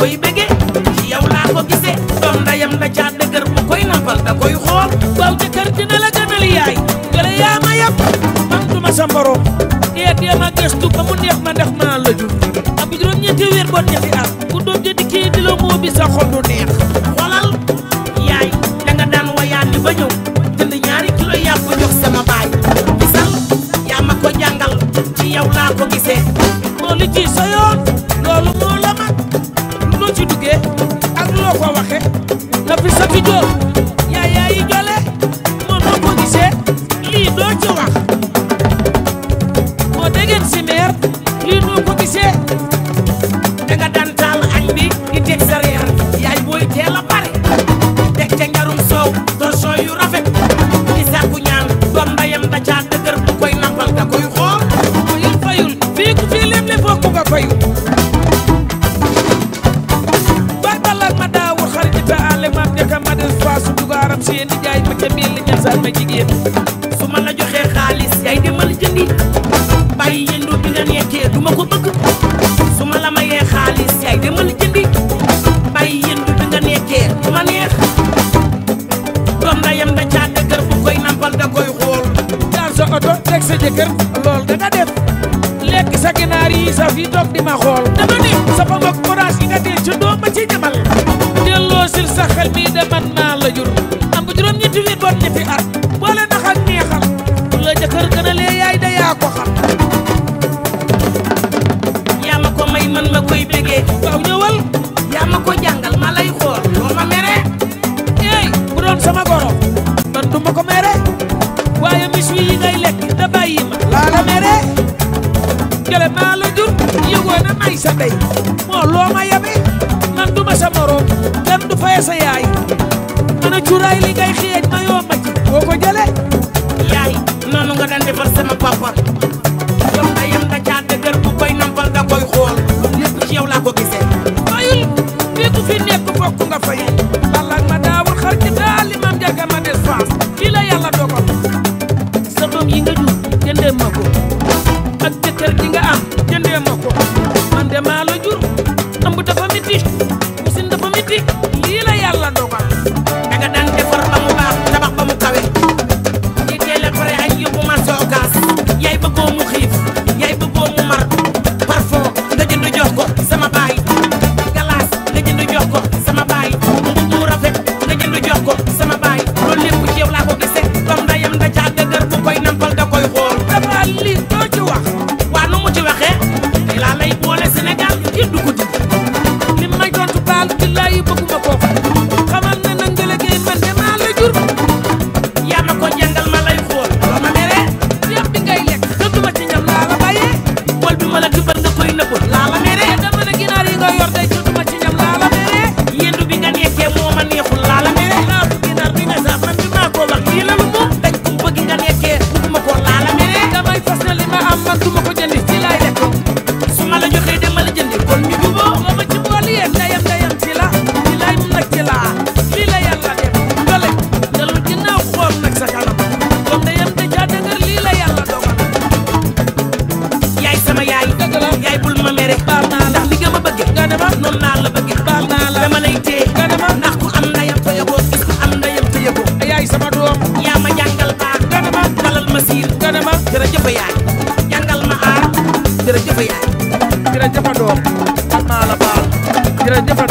koy bege ci yow laa ko gisee doom ndayam la caa dëgër bu koy nampal da koy xool waaw jëkkër dina la gënal yaay gëla yaa ma yab man du ma sa morom dee dee ma gëstu ba mu neex ma ndax maa la jur ak juróom ñetti weer bon ñetti at ku doon jëndi kii di la moo bi sa xol du neex xoolal yaay da nga daan wayaani ba ñëw jënd ñaari kilo yàpp jox sama baay gisal ya ma ko jàngal ci yow laa ko gisee loolu ci sa yoon loolu la duggee ak loo ko na fi sa jigéen di jaay ma ca mel ni ñasal ma jigéen su la joxee xaalis yaay demal jëndi bàyyi yëndu bi nga nekkee du ko bëgg su la mayee demal bi nga da bu koy nampal da koy xool jaar sa oto teg sa jëkkër da nga def lek sa ginaar sa fi di ma xool dama ne sa fa ngoog forage yi nga ci ma ci sil sa xel mi de man la jur man ma koy bëggee waaw yaa ma ko jàngal ma lay mere ey bu doon sama goro man du ko mere waaye mis wi yi ngay lekk da bàyyi ma laa la mere jële maa la jur yëgoo na may moo loo yabe nëbb laa la mere dama ne ginaar yi nga yor day noon naa la bëgg baba dama lay tee ganama ndax ku am ndayam te yëgoo gis ku am ndayam te yëgoo yaay sama doom yaa ma jàngal baax ganama dalal ma siir ganama jërëjëf yaay jàngal ma aar yaay jërëjëf doom am naa la baal jërëjëf